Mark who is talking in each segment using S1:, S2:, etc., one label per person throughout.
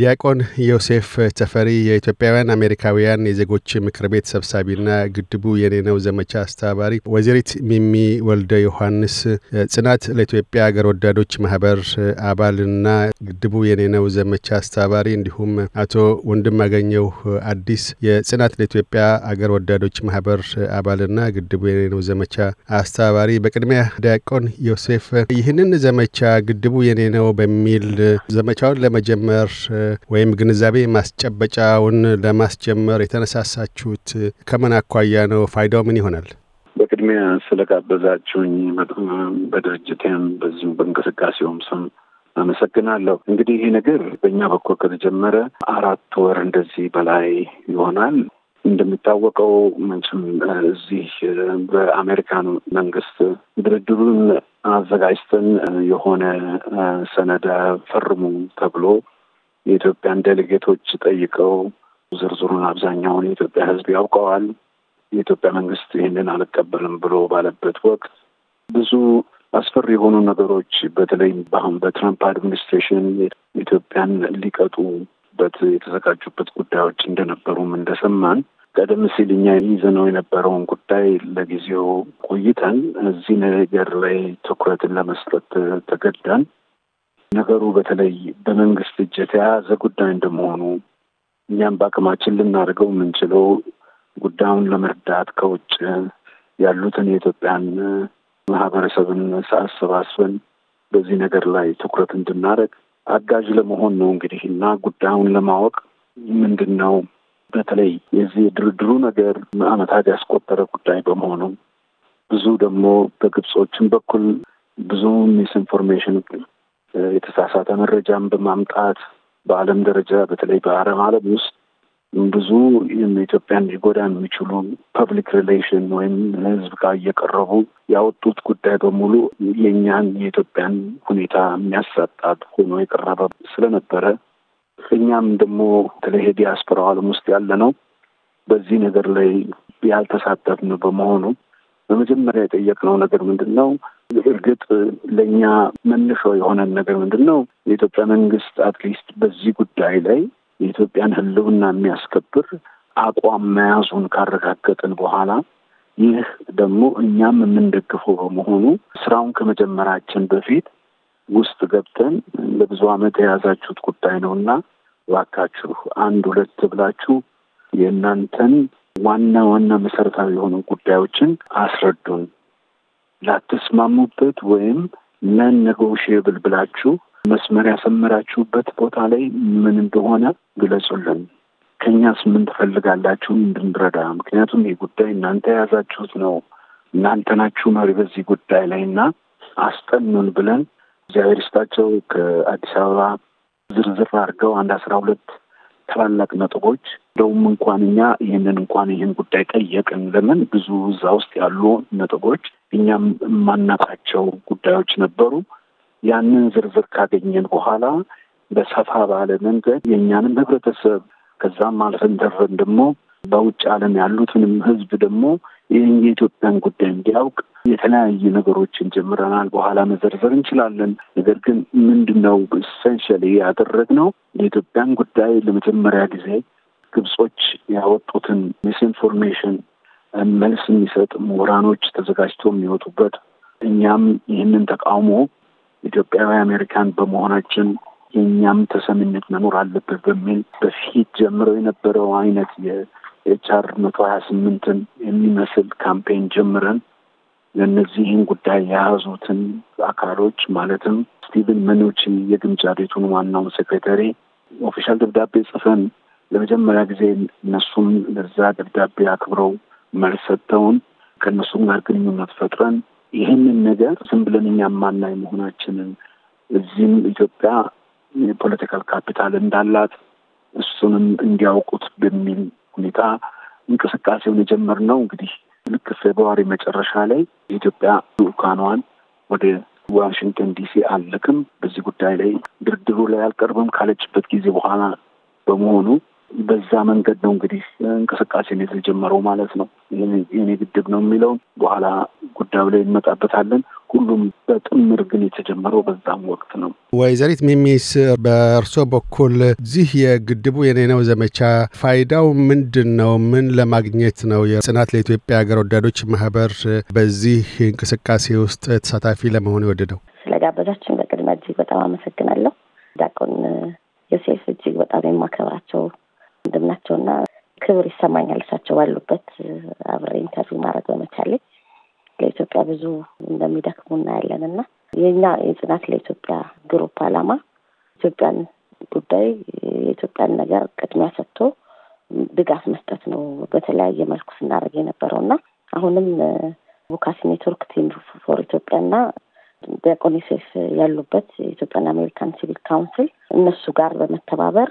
S1: ዲያቆን ዮሴፍ ተፈሪ የኢትዮጵያውያን አሜሪካውያን የዜጎች ምክር ቤት ሰብሳቢና ግድቡ የኔ ነው ዘመቻ አስተባባሪ፣ ወይዘሪት ሚሚ ወልደ ዮሐንስ ጽናት ለኢትዮጵያ አገር ወዳዶች ማህበር አባልና ግድቡ የኔ ነው ዘመቻ አስተባባሪ፣ እንዲሁም አቶ ወንድም አገኘው አዲስ የጽናት ለኢትዮጵያ አገር ወዳዶች ማህበር አባልና ግድቡ የኔ ነው ዘመቻ አስተባባሪ። በቅድሚያ ዲያቆን ዮሴፍ ይህንን ዘመቻ ግድቡ የኔ ነው በሚል ዘመቻውን ለመጀመር ወይም ግንዛቤ ማስጨበጫውን ለማስጀመር የተነሳሳችሁት ከምን አኳያ ነው? ፋይዳው ምን ይሆናል?
S2: በቅድሚያ ስለጋበዛችሁኝ በጣም በድርጅቴም በዚሁ በእንቅስቃሴውም ስም አመሰግናለሁ። እንግዲህ ይህ ነገር በእኛ በኩል ከተጀመረ አራት ወር እንደዚህ በላይ ይሆናል። እንደሚታወቀው መቼም እዚህ በአሜሪካን መንግስት ድርድሩን አዘጋጅተን የሆነ ሰነድ ፈርሙ ተብሎ የኢትዮጵያን ዴሌጌቶች ጠይቀው ዝርዝሩን አብዛኛውን የኢትዮጵያ ሕዝብ ያውቀዋል። የኢትዮጵያ መንግስት ይህንን አልቀበልም ብሎ ባለበት ወቅት ብዙ አስፈሪ የሆኑ ነገሮች በተለይም በአሁን በትራምፕ አድሚኒስትሬሽን ኢትዮጵያን ሊቀጡበት የተዘጋጁበት ጉዳዮች እንደነበሩም እንደሰማን ቀደም ሲል እኛ ይዘነው የነበረውን ጉዳይ ለጊዜው ቆይተን እዚህ ነገር ላይ ትኩረትን ለመስጠት ተገዳን። ነገሩ በተለይ በመንግስት እጅ የያዘ ጉዳይ እንደመሆኑ እኛም በአቅማችን ልናደርገው የምንችለው ጉዳዩን ለመርዳት ከውጭ ያሉትን የኢትዮጵያን ማህበረሰብን ሳያሰባስበን በዚህ ነገር ላይ ትኩረት እንድናደርግ አጋዥ ለመሆን ነው እንግዲህ እና ጉዳዩን ለማወቅ ምንድን ነው በተለይ የዚህ የድርድሩ ነገር አመታት ያስቆጠረ ጉዳይ በመሆኑ ብዙ ደግሞ በግብጾችን በኩል ብዙ ሚስ ኢንፎርሜሽን የተሳሳተ መረጃን በማምጣት በዓለም ደረጃ በተለይ በአረብ ዓለም ውስጥ ብዙ ኢትዮጵያን ሊጎዳ የሚችሉ ፐብሊክ ሪሌሽን ወይም ህዝብ ጋር እየቀረቡ ያወጡት ጉዳይ በሙሉ የእኛን የኢትዮጵያን ሁኔታ የሚያሳጣት ሆኖ የቀረበ ስለነበረ እኛም ደግሞ በተለይ ዲያስፖራ ዓለም ውስጥ ያለ ነው በዚህ ነገር ላይ ያልተሳተፍን በመሆኑ በመጀመሪያ የጠየቅነው ነገር ምንድን ነው? እርግጥ ለእኛ መነሻው የሆነን ነገር ምንድን ነው? የኢትዮጵያ መንግስት አትሊስት በዚህ ጉዳይ ላይ የኢትዮጵያን ሕልውና የሚያስከብር አቋም መያዙን ካረጋገጥን በኋላ ይህ ደግሞ እኛም የምንደግፈው በመሆኑ ስራውን ከመጀመራችን በፊት ውስጥ ገብተን ለብዙ ዓመት የያዛችሁት ጉዳይ ነው እና እባካችሁ አንድ ሁለት ብላችሁ የእናንተን ዋና ዋና መሰረታዊ የሆኑ ጉዳዮችን አስረዱን። ላትስማሙበት ወይም ነን ኔጎሽየብል ብላችሁ መስመር ያሰመራችሁበት ቦታ ላይ ምን እንደሆነ ግለጹልን። ከእኛስ ምን ትፈልጋላችሁ እንድንረዳ? ምክንያቱም ይህ ጉዳይ እናንተ የያዛችሁት ነው፣ እናንተ ናችሁ መሪ በዚህ ጉዳይ ላይ እና አስጠኑን ብለን እግዚአብሔር ይስጣቸው ከአዲስ አበባ ዝርዝር አድርገው አንድ አስራ ሁለት ታላላቅ ነጥቦች እንደውም እንኳን እኛ ይህንን እንኳን ይህን ጉዳይ ጠየቅን። ለምን ብዙ እዛ ውስጥ ያሉ ነጥቦች እኛም የማናቃቸው ጉዳዮች ነበሩ። ያንን ዝርዝር ካገኘን በኋላ በሰፋ ባለ መንገድ የእኛንም ህብረተሰብ ከዛም አልፈን ተርፈን ደግሞ በውጭ ዓለም ያሉትንም ህዝብ ደግሞ ይህን የኢትዮጵያን ጉዳይ እንዲያውቅ የተለያዩ ነገሮችን ጀምረናል። በኋላ መዘርዘር እንችላለን። ነገር ግን ምንድን ነው ኢሰንሻሊ ያደረግነው የኢትዮጵያን ጉዳይ ለመጀመሪያ ጊዜ ግብጾች ያወጡትን ሚስኢንፎርሜሽን መልስ የሚሰጥ ምሁራኖች ተዘጋጅቶ የሚወጡበት እኛም ይህንን ተቃውሞ ኢትዮጵያዊ አሜሪካን በመሆናችን የእኛም ተሰሚነት መኖር አለበት በሚል በፊት ጀምረው የነበረው አይነት ኤች መቶ ሀያ ስምንትን የሚመስል ካምፔን ጀምረን ለእነዚህን ጉዳይ የያዙትን አካሎች ማለትም ስቲቨን መኑቺ የግምጃ ቤቱን ዋናውን ሴክሬታሪ ኦፊሻል ደብዳቤ ጽፈን ለመጀመሪያ ጊዜ እነሱም ለዛ ደብዳቤ አክብረው መልስ ሰጥተውን ከእነሱም ጋር ግንኙነት ፈጥረን ይህንን ነገር ዝም ብለን እኛ ማናይ መሆናችንን እዚህም ኢትዮጵያ የፖለቲካል ካፒታል እንዳላት እሱንም እንዲያውቁት በሚል ሁኔታ እንቅስቃሴውን የጀመርነው እንግዲህ ልክ ፌብርዋሪ መጨረሻ ላይ የኢትዮጵያ ልኡካኗን ወደ ዋሽንግተን ዲሲ አልልክም፣ በዚህ ጉዳይ ላይ ድርድሩ ላይ አልቀርብም ካለችበት ጊዜ በኋላ በመሆኑ በዛ መንገድ ነው እንግዲህ እንቅስቃሴ የተጀመረው ማለት ነው። የኔ ግድብ ነው የሚለውን በኋላ ጉዳዩ ላይ እንመጣበታለን። ሁሉም በጥምር ግን የተጀመረው በዛም ወቅት ነው።
S1: ወይዘሪት ሚሚስ በእርሶ በኩል እዚህ የግድቡ የኔ ነው ዘመቻ ፋይዳው ምንድን ነው? ምን ለማግኘት ነው የጽናት ለኢትዮጵያ ሀገር ወዳዶች ማህበር በዚህ እንቅስቃሴ ውስጥ ተሳታፊ ለመሆን የወደደው? ስለጋበዛችን
S3: በቅድመ እጅግ በጣም አመሰግናለሁ። ዳቆን ዮሴፍ እጅግ በጣም የማከብራቸው ወንድም ናቸውና ክብር ይሰማኛል። እሳቸው ባሉበት አብሬ ኢንተርቪው ማድረግ በመቻሌ ለኢትዮጵያ ብዙ እንደሚደክሙ እናያለን እና የኛ የጽናት ለኢትዮጵያ ግሩፕ አላማ ኢትዮጵያን ጉዳይ የኢትዮጵያን ነገር ቅድሚያ ሰጥቶ ድጋፍ መስጠት ነው። በተለያየ መልኩ ስናደርግ የነበረው እና አሁንም ቮካሲ ኔትወርክ ቲም ፎር ኢትዮጵያና ዲያቆን ዮሴፍ ያሉበት የኢትዮጵያን አሜሪካን ሲቪል ካውንስል እነሱ ጋር በመተባበር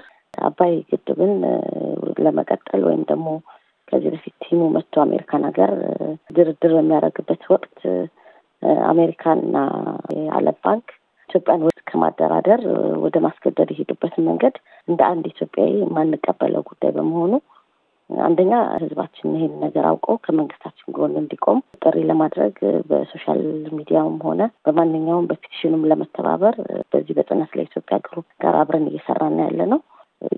S3: አባይ ግድብን ለመቀጠል ወይም ደግሞ ከዚህ በፊት ቲሙ መጥቶ አሜሪካን ሀገር ድርድር በሚያደርግበት ወቅት አሜሪካና የዓለም ባንክ ኢትዮጵያን ውስጥ ከማደራደር ወደ ማስገደድ የሄዱበትን መንገድ እንደ አንድ ኢትዮጵያዊ የማንቀበለው ጉዳይ በመሆኑ አንደኛ ህዝባችን ይሄን ነገር አውቀው ከመንግስታችን ጎን እንዲቆም ጥሪ ለማድረግ በሶሻል ሚዲያውም ሆነ በማንኛውም በፒቲሽኑም ለመተባበር በዚህ በጽናት ለኢትዮጵያ ግሩፕ ጋር አብረን እየሰራን ያለ ነው።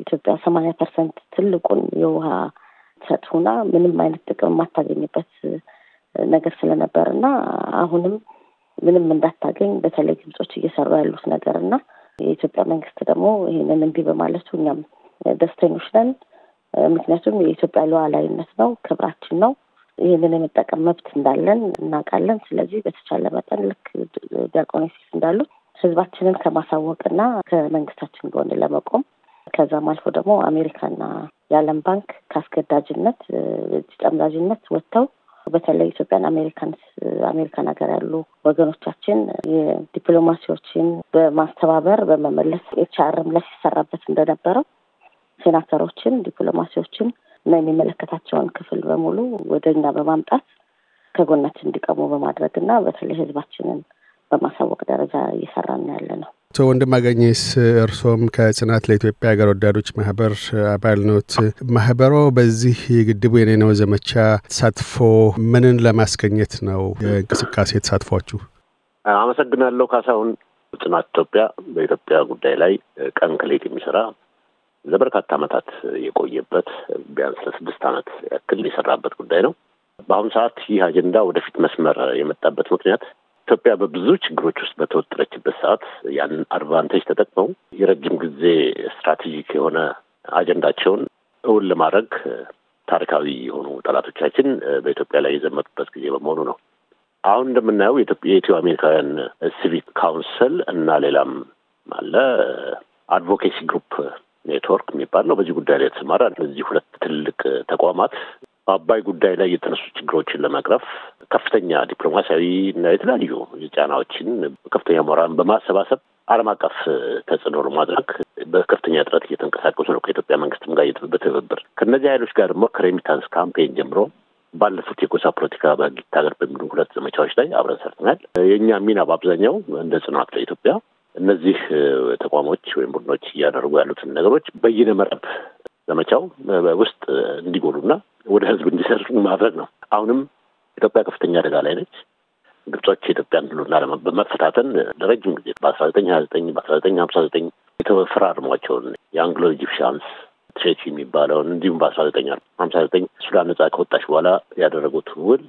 S3: ኢትዮጵያ ሰማንያ ፐርሰንት ትልቁን የውሃ ተጥሁና ምንም አይነት ጥቅም የማታገኝበት ነገር ስለነበር እና አሁንም ምንም እንዳታገኝ በተለይ ግብጾች እየሰሩ ያሉት ነገር እና የኢትዮጵያ መንግስት ደግሞ ይህንን እምቢ በማለቱ እኛም ደስተኞች ነን። ምክንያቱም የኢትዮጵያ ሉዓላዊነት ነው፣ ክብራችን ነው። ይህንን የመጠቀም መብት እንዳለን እናውቃለን። ስለዚህ በተቻለ መጠን ልክ ዲያቆኔ እንዳሉት ህዝባችንን ከማሳወቅና ከመንግስታችን ጎን ለመቆም ከዛም አልፎ ደግሞ አሜሪካና የዓለም ባንክ ከአስገዳጅነት ጠምዛዥነት ወጥተው በተለይ ኢትዮጵያን አሜሪካን አሜሪካን ሀገር ያሉ ወገኖቻችን የዲፕሎማሲዎችን በማስተባበር በመመለስ ኤችአርም ላይ ሲሰራበት እንደነበረው ሴናተሮችን፣ ዲፕሎማሲዎችን እና የሚመለከታቸውን ክፍል በሙሉ ወደ እኛ በማምጣት ከጎናችን እንዲቀሙ በማድረግ እና በተለይ ህዝባችንን በማሳወቅ ደረጃ እየሰራን ያለ ነው።
S1: አቶ ወንድማገኘስ እርሶም ከጽናት ለኢትዮጵያ ሀገር ወዳዶች ማህበር አባል ኖት። ማህበሮ በዚህ ግድቡ የኔ ነው ዘመቻ ተሳትፎ ምንን ለማስገኘት ነው የእንቅስቃሴ ተሳትፏችሁ?
S4: አመሰግናለሁ ካሳሁን። ጽናት ኢትዮጵያ በኢትዮጵያ ጉዳይ ላይ ቀን ከሌት የሚሰራ ለበርካታ ዓመታት የቆየበት ቢያንስ ለስድስት ዓመት ያክል የሰራበት ጉዳይ ነው። በአሁኑ ሰዓት ይህ አጀንዳ ወደፊት መስመር የመጣበት ምክንያት ኢትዮጵያ በብዙ ችግሮች ውስጥ በተወጠረችበት ሰዓት ያንን አድቫንቴጅ ተጠቅመው የረጅም ጊዜ ስትራቴጂክ የሆነ አጀንዳቸውን እውን ለማድረግ ታሪካዊ የሆኑ ጠላቶቻችን በኢትዮጵያ ላይ የዘመቱበት ጊዜ በመሆኑ ነው። አሁን እንደምናየው የኢትዮ አሜሪካውያን ሲቪክ ካውንስል እና ሌላም አለ አድቮኬሲ ግሩፕ ኔትወርክ የሚባል ነው። በዚህ ጉዳይ ላይ የተሰማራ እነዚህ ሁለት ትልቅ ተቋማት በአባይ ጉዳይ ላይ የተነሱ ችግሮችን ለመቅረፍ ከፍተኛ ዲፕሎማሲያዊ እና የተለያዩ ጫናዎችን ከፍተኛ ሞራን በማሰባሰብ ዓለም አቀፍ ተጽዕኖ ለማድረግ በከፍተኛ ጥረት እየተንቀሳቀሱ ነው። ከኢትዮጵያ መንግስትም ጋር በትብብር ከእነዚህ ኃይሎች ጋር ደግሞ ከሬሚታንስ ካምፔን ጀምሮ ባለፉት የጎሳ ፖለቲካ በጊት ሀገር በሚሉ ሁለት ዘመቻዎች ላይ አብረን ሰርተናል። የእኛ ሚና በአብዛኛው እንደ ጽናት ለኢትዮጵያ እነዚህ ተቋሞች ወይም ቡድኖች እያደረጉ ያሉትን ነገሮች በይነ መረብ ዘመቻው ውስጥ እንዲጎሉና ወደ ህዝብ እንዲሰርጹ ማድረግ ነው። አሁንም ኢትዮጵያ ከፍተኛ አደጋ ላይ ነች። ግብጾች የኢትዮጵያን ህልውና በመፈታተን ለረጅም ጊዜ በአስራ ዘጠኝ ሀያ ዘጠኝ በአስራ ዘጠኝ ሀምሳ ዘጠኝ የተፈራርሟቸውን የአንግሎ ኢጂፕሽያንስ ትሬቲ የሚባለውን እንዲሁም በአስራ ዘጠኝ ሀምሳ ዘጠኝ ሱዳን ነጻ ከወጣች በኋላ ያደረጉት ውል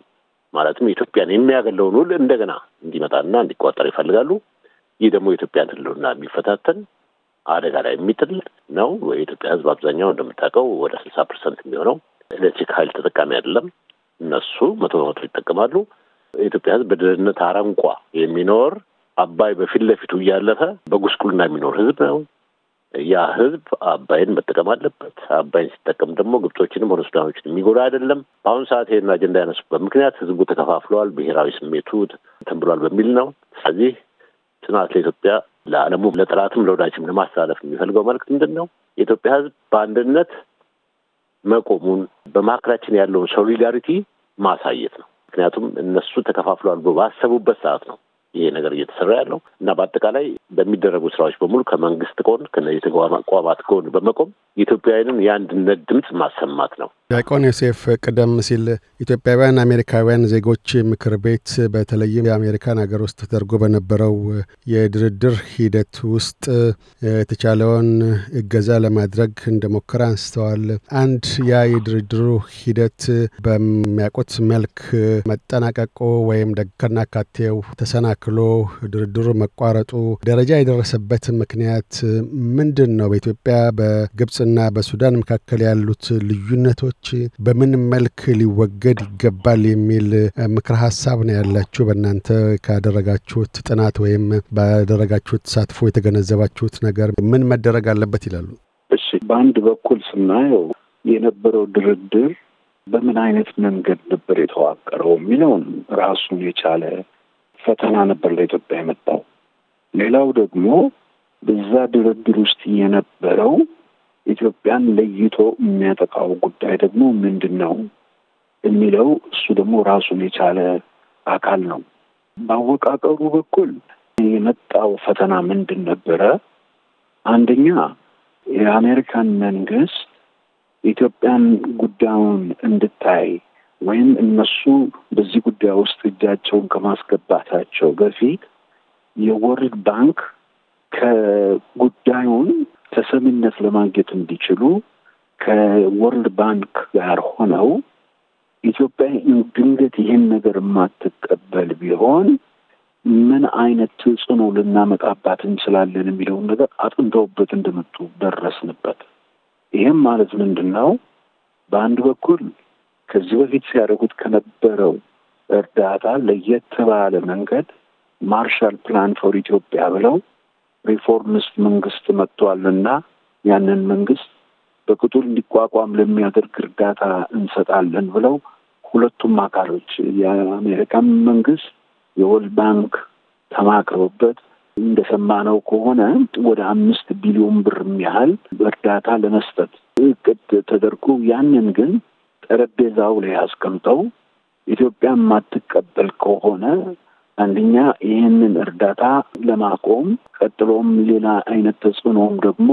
S4: ማለትም ኢትዮጵያን የሚያገለውን ውል እንደገና እንዲመጣና እንዲቋጠር ይፈልጋሉ። ይህ ደግሞ የኢትዮጵያን ህልውና የሚፈታተን አደጋ ላይ የሚጥል ነው። የኢትዮጵያ ህዝብ አብዛኛው እንደምታውቀው ወደ ስልሳ ፐርሰንት የሚሆነው ኤሌክትሪክ ኃይል ተጠቃሚ አይደለም። እነሱ መቶ በመቶ ይጠቀማሉ። የኢትዮጵያ ሕዝብ በድህነት አረንቋ የሚኖር አባይ በፊት ለፊቱ እያለፈ በጉስቁልና የሚኖር ሕዝብ ነው። ያ ሕዝብ አባይን መጠቀም አለበት። አባይን ሲጠቀም ደግሞ ግብጾችንም ሆነ ሱዳኖችን የሚጎዳ አይደለም። በአሁኑ ሰዓት ይህን አጀንዳ ያነሱበት ምክንያት ሕዝቡ ተከፋፍለዋል፣ ብሔራዊ ስሜቱ ተንብሏል በሚል ነው። ስለዚህ ጥናት ለኢትዮጵያ ለዓለሙ ለጠላትም ለወዳጅም ለማስተላለፍ የሚፈልገው መልዕክት ምንድን ነው? የኢትዮጵያ ሕዝብ በአንድነት መቆሙን በመካከላችን ያለውን ሶሊዳሪቲ ማሳየት ነው። ምክንያቱም እነሱ ተከፋፍለዋል ባሰቡበት ሰዓት ነው ይሄ ነገር እየተሰራ ያለው እና በአጠቃላይ በሚደረጉ ስራዎች በሙሉ ከመንግስት ጎን ከነዚህ ተቋማት ጎን በመቆም ኢትዮጵያውያንን የአንድነት ድምፅ
S1: ማሰማት ነው። ዲያቆን ዮሴፍ ቀደም ሲል ኢትዮጵያውያን አሜሪካውያን ዜጎች ምክር ቤት በተለይም የአሜሪካን ሀገር ውስጥ ተደርጎ በነበረው የድርድር ሂደት ውስጥ የተቻለውን እገዛ ለማድረግ እንደሞከረ አንስተዋል። አንድ ያ የድርድሩ ሂደት በሚያውቁት መልክ መጠናቀቁ ወይም ደከና ካቴው ተሰናክሎ ድርድሩ መቋረጡ ደረጃ የደረሰበት ምክንያት ምንድን ነው? በኢትዮጵያ በግብፅና በሱዳን መካከል ያሉት ልዩነቶች ችግሮች በምን መልክ ሊወገድ ይገባል የሚል ምክረ ሀሳብ ነው ያላችሁ? በእናንተ ካደረጋችሁት ጥናት ወይም ባደረጋችሁት ተሳትፎ የተገነዘባችሁት ነገር ምን መደረግ አለበት ይላሉ?
S2: እሺ፣ በአንድ በኩል ስናየው የነበረው ድርድር በምን አይነት መንገድ ነበር የተዋቀረው የሚለውን ራሱን የቻለ ፈተና ነበር ለኢትዮጵያ የመጣው። ሌላው ደግሞ በዛ ድርድር ውስጥ የነበረው ኢትዮጵያን ለይቶ የሚያጠቃው ጉዳይ ደግሞ ምንድን ነው የሚለው እሱ ደግሞ ራሱን የቻለ አካል ነው። በአወቃቀሩ በኩል የመጣው ፈተና ምንድን ነበረ? አንደኛ የአሜሪካን መንግስት ኢትዮጵያን ጉዳዩን እንድታይ ወይም እነሱ በዚህ ጉዳይ ውስጥ እጃቸውን ከማስገባታቸው በፊት የወርልድ ባንክ ከጉዳዩን ተሰሚነት ለማግኘት እንዲችሉ ከወርልድ ባንክ ጋር ሆነው ኢትዮጵያ ድንገት ይህን ነገር የማትቀበል ቢሆን ምን አይነት ተጽዕኖ ልናመጣባት እንችላለን የሚለውን ነገር አጥንተውበት እንደመጡ ደረስንበት። ይህም ማለት ምንድን ነው? በአንድ በኩል ከዚህ በፊት ሲያደርጉት ከነበረው እርዳታ ለየት ባለ መንገድ ማርሻል ፕላን ፎር ኢትዮጵያ ብለው ሪፎርምስ መንግስት መጥቷልና ያንን መንግስት በቅጡ እንዲቋቋም ለሚያደርግ እርዳታ እንሰጣለን ብለው ሁለቱም አካሎች የአሜሪካን መንግስት የወርልድ ባንክ ተማክረውበት እንደሰማነው ከሆነ ወደ አምስት ቢሊዮን ብር የሚያህል እርዳታ ለመስጠት እቅድ ተደርጎ ያንን ግን ጠረጴዛው ላይ አስቀምጠው ኢትዮጵያ የማትቀበል ከሆነ አንደኛ ይህንን እርዳታ ለማቆም ቀጥሎም ሌላ አይነት ተጽዕኖም ደግሞ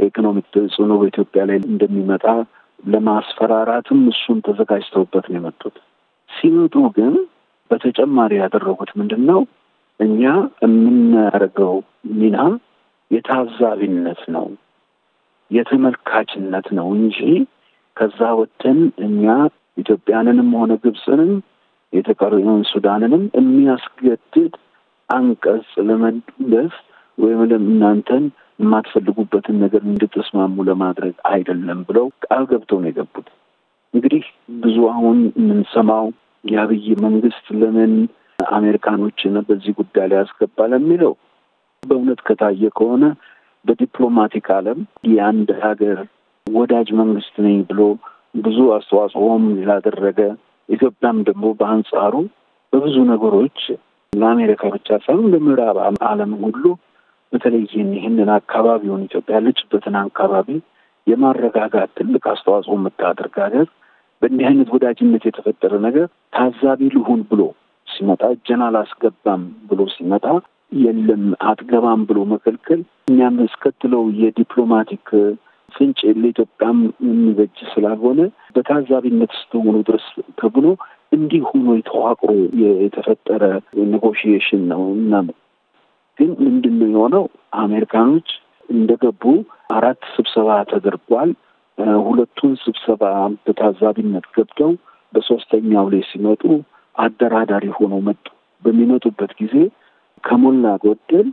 S2: የኢኮኖሚክ ተጽዕኖ በኢትዮጵያ ላይ እንደሚመጣ ለማስፈራራትም እሱን ተዘጋጅተውበት ነው የመጡት። ሲመጡ ግን በተጨማሪ ያደረጉት ምንድን ነው? እኛ የምናደርገው ሚና የታዛቢነት ነው፣ የተመልካችነት ነው እንጂ ከዛ ወጥተን እኛ ኢትዮጵያንንም ሆነ ግብፅንም የተቀረውን ሱዳንንም የሚያስገድድ አንቀጽ ለመንደፍ ወይም እናንተን የማትፈልጉበትን ነገር እንድትስማሙ ለማድረግ አይደለም ብለው ቃል ገብተው ነው የገቡት። እንግዲህ ብዙ አሁን የምንሰማው የአብይ መንግስት ለምን አሜሪካኖችን በዚህ ጉዳይ ላይ ያስገባል የሚለው በእውነት ከታየ ከሆነ በዲፕሎማቲክ ዓለም የአንድ ሀገር ወዳጅ መንግስት ነኝ ብሎ ብዙ አስተዋጽኦም ላደረገ ኢትዮጵያም ደግሞ በአንጻሩ በብዙ ነገሮች ለአሜሪካ ብቻ ሳይሆን ለምዕራብ ዓለም ሁሉ በተለይ ይህንን አካባቢውን ኢትዮጵያ ያለችበትን አካባቢ የማረጋጋት ትልቅ አስተዋጽኦ የምታደርግ ሀገር በእንዲህ አይነት ወዳጅነት የተፈጠረ ነገር ታዛቢ ልሁን ብሎ ሲመጣ እጄን አላስገባም ብሎ ሲመጣ የለም አትገባም ብሎ መከልከል እኛም እስከትለው የዲፕሎማቲክ ፍንጭ ለኢትዮጵያም የሚበጅ ስላልሆነ በታዛቢነት ስትሆኑ ድረስ ተብሎ እንዲህ ሆኖ የተዋቅሮ የተፈጠረ ኔጎሽዬሽን ነው እና ግን ምንድን ነው የሆነው? አሜሪካኖች እንደገቡ አራት ስብሰባ ተደርጓል። ሁለቱን ስብሰባ በታዛቢነት ገብተው በሶስተኛው ላይ ሲመጡ አደራዳሪ ሆነው መጡ። በሚመጡበት ጊዜ ከሞላ ጎደል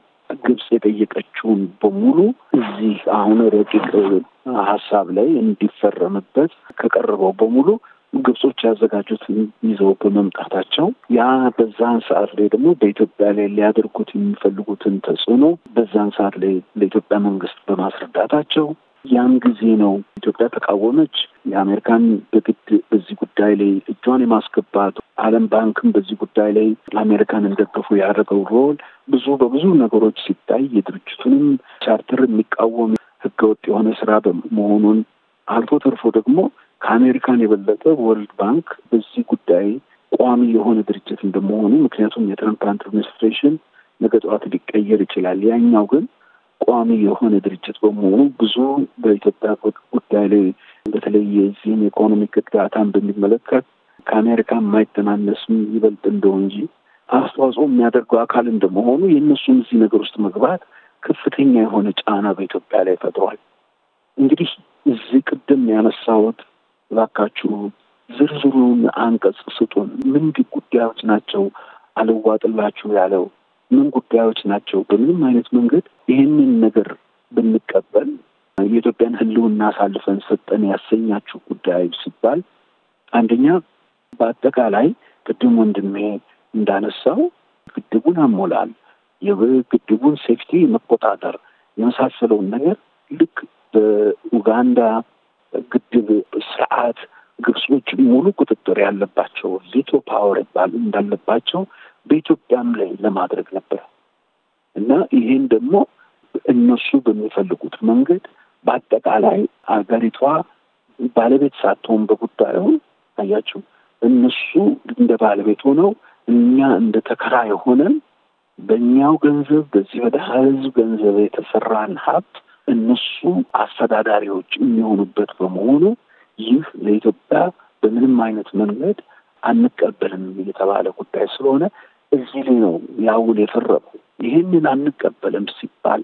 S2: ግብጽ የጠየቀችውን በሙሉ እዚህ አሁን ረቂቅ ሀሳብ ላይ እንዲፈረምበት ከቀረበው በሙሉ ግብጾች ያዘጋጁትን ይዘው በመምጣታቸው ያ በዛን ሰዓት ላይ ደግሞ በኢትዮጵያ ላይ ሊያደርጉት የሚፈልጉትን ተጽዕኖ በዛን ሰዓት ላይ ለኢትዮጵያ መንግስት በማስረዳታቸው ያን ጊዜ ነው ኢትዮጵያ ተቃወመች። የአሜሪካን በግድ በዚህ ጉዳይ ላይ እጇን የማስገባት ዓለም ባንክም በዚህ ጉዳይ ላይ ለአሜሪካን እንደገፉ ያደረገው ሮል ብዙ በብዙ ነገሮች ሲታይ የድርጅቱንም ቻርተር የሚቃወም ህገወጥ የሆነ ስራ መሆኑን አልፎ ተርፎ ደግሞ ከአሜሪካን የበለጠ ወርልድ ባንክ በዚህ ጉዳይ ቋሚ የሆነ ድርጅት እንደመሆኑ ምክንያቱም የትራምፕ አድሚኒስትሬሽን ነገ ጠዋት ሊቀየር ይችላል። ያኛው ግን ቋሚ የሆነ ድርጅት በመሆኑ ብዙ በኢትዮጵያ ጉዳይ ላይ በተለይ የዚህም ኢኮኖሚክ እርዳታን በሚመለከት ከአሜሪካ የማይተናነስም ይበልጥ እንደው እንጂ አስተዋጽኦ የሚያደርገው አካል እንደመሆኑ የእነሱም እዚህ ነገር ውስጥ መግባት ከፍተኛ የሆነ ጫና በኢትዮጵያ ላይ ፈጥሯል። እንግዲህ እዚህ ቅድም ያነሳሁት እባካችሁ ዝርዝሩን አንቀጽ ስጡን፣ ምን ጉዳዮች ናቸው አልዋጥላችሁ ያለው ምን ጉዳዮች ናቸው? በምንም አይነት መንገድ ይህንን ነገር ብንቀበል የኢትዮጵያን ሕልውና አሳልፈን ሰጠን ያሰኛችሁ ጉዳዮች ሲባል አንደኛ በአጠቃላይ ቅድም ወንድሜ እንዳነሳው ግድቡን አሞላል፣ የግድቡን ሴፍቲ መቆጣጠር የመሳሰለውን ነገር ልክ በኡጋንዳ ግድብ ስርዓት ግብጾች ሙሉ ቁጥጥር ያለባቸው ቪቶ ፓወር ይባል እንዳለባቸው በኢትዮጵያም ላይ ለማድረግ ነበር እና ይህን ደግሞ እነሱ በሚፈልጉት መንገድ በአጠቃላይ አገሪቷ ባለቤት ሳትሆን በጉዳዩ አያቸው እነሱ እንደ ባለቤት ሆነው እኛ እንደ ተከራ የሆነን በእኛው ገንዘብ በዚህ በድሀ ህዝብ ገንዘብ የተሰራን ሀብት እነሱ አስተዳዳሪዎች የሚሆኑበት በመሆኑ ይህ ለኢትዮጵያ በምንም አይነት መንገድ አንቀበልም የተባለ ጉዳይ ስለሆነ እዚህ ላይ ነው ያውል የፈረቁ ይህንን አንቀበልም ሲባል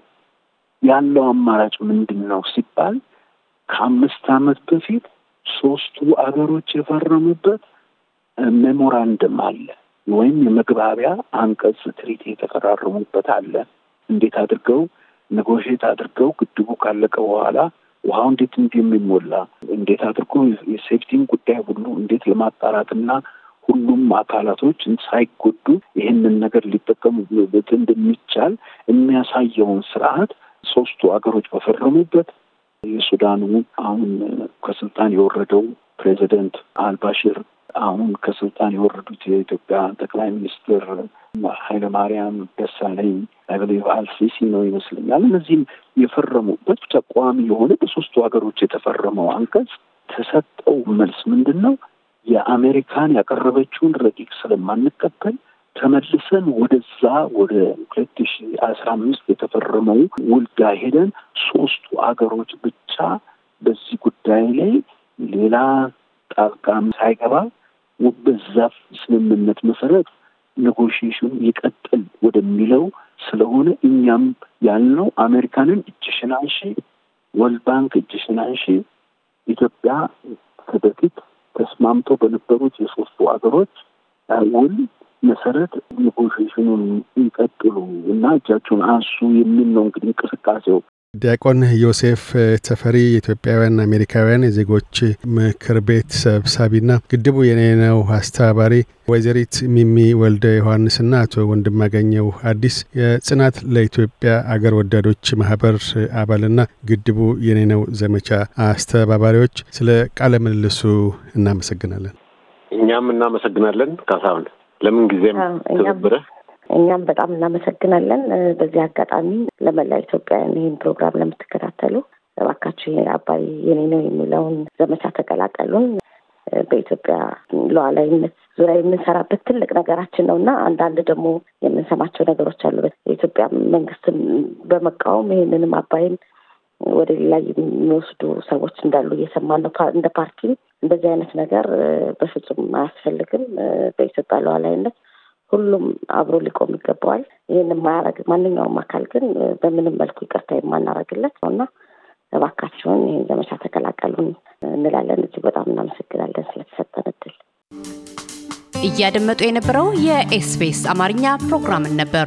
S2: ያለው አማራጭ ምንድን ነው ሲባል ከአምስት ዓመት በፊት ሶስቱ አገሮች የፈረሙበት ሜሞራንድም አለ። ወይም የመግባቢያ አንቀጽ ትሪቲ የተቀራረሙበት አለ። እንዴት አድርገው ነጎሽት አድርገው ግድቡ ካለቀ በኋላ ውሃው እንዴት እንደሚሞላ እንዴት አድርጎ የሴፍቲን ጉዳይ ሁሉ እንዴት ለማጣራትና ሁሉም አካላቶች ሳይጎዱ ይህንን ነገር ሊጠቀሙበት እንደሚቻል የሚያሳየውን ስርዓት ሶስቱ አገሮች በፈረሙበት የሱዳኑ አሁን ከስልጣን የወረደው ፕሬዚደንት አልባሽር አሁን ከስልጣን የወረዱት የኢትዮጵያ ጠቅላይ ሚኒስትር ኃይለ ማርያም ደሳለኝ አይበሌቭ አልሲሲ ነው ይመስለኛል። እነዚህም የፈረሙበት ተቋሚ የሆነ በሶስቱ ሀገሮች የተፈረመው አንቀጽ ተሰጠው መልስ ምንድን ነው? የአሜሪካን ያቀረበችውን ረቂቅ ስለማንቀበል ተመልሰን ወደዛ ወደ ሁለት ሺ አስራ አምስት የተፈረመው ውል ጋር ሄደን ሶስቱ አገሮች ብቻ በዚህ ጉዳይ ላይ ሌላ ጣልቃም ሳይገባ በዛፍ ስምምነት መሰረት ኔጎሽሽን ይቀጥል ወደሚለው ስለሆነ እኛም ያልነው አሜሪካንን እጅሽን አንሺ፣ ባንክ እጅሽን አንሺ፣ ኢትዮጵያ ከበፊት ተስማምቶ በነበሩት የሶስቱ ሀገሮች ውል መሰረት ኔጎሽሽኑን ይቀጥሉ እና እጃቸውን አንሱ የሚል ነው እንግዲህ እንቅስቃሴው።
S1: ዲያቆን ዮሴፍ ተፈሪ የኢትዮጵያውያን አሜሪካውያን የዜጎች ምክር ቤት ሰብሳቢና ግድቡ የኔ ነው አስተባባሪ፣ ወይዘሪት ሚሚ ወልደ ዮሐንስና አቶ ወንድማገኘው አዲስ የጽናት ለኢትዮጵያ አገር ወዳዶች ማህበር አባልና ግድቡ የኔ ነው ዘመቻ አስተባባሪዎች፣ ስለ ቃለ ምልልሱ እናመሰግናለን።
S4: እኛም እናመሰግናለን ካሳሁን፣ ለምን ጊዜም
S3: ትብብርህ እኛም በጣም እናመሰግናለን። በዚህ አጋጣሚ ለመላ ኢትዮጵያውያን ይህን ፕሮግራም ለምትከታተሉ እባካችሁ ይሄ አባይ የኔ ነው የሚለውን ዘመቻ ተቀላቀሉን። በኢትዮጵያ ሉዓላዊነት ዙሪያ የምንሰራበት ትልቅ ነገራችን ነው እና አንዳንድ ደግሞ የምንሰማቸው ነገሮች አሉ። የኢትዮጵያ መንግስትን በመቃወም ይህንንም አባይን ወደ ሌላ የሚወስዱ ሰዎች እንዳሉ እየሰማን ነው። እንደ ፓርቲ እንደዚህ አይነት ነገር በፍጹም አያስፈልግም። በኢትዮጵያ ሉዓላዊነት ሁሉም አብሮ ሊቆም ይገባዋል። ይህን የማያደርግ ማንኛውም አካል ግን በምንም መልኩ ይቅርታ የማናደርግለት ነውና እባካቸውን ይህን ዘመቻ ተቀላቀሉን እንላለን። እጅግ በጣም እናመሰግናለን ስለተሰጠን እድል።
S4: እያደመጡ የነበረው የኤስቢኤስ አማርኛ ፕሮግራምን ነበር።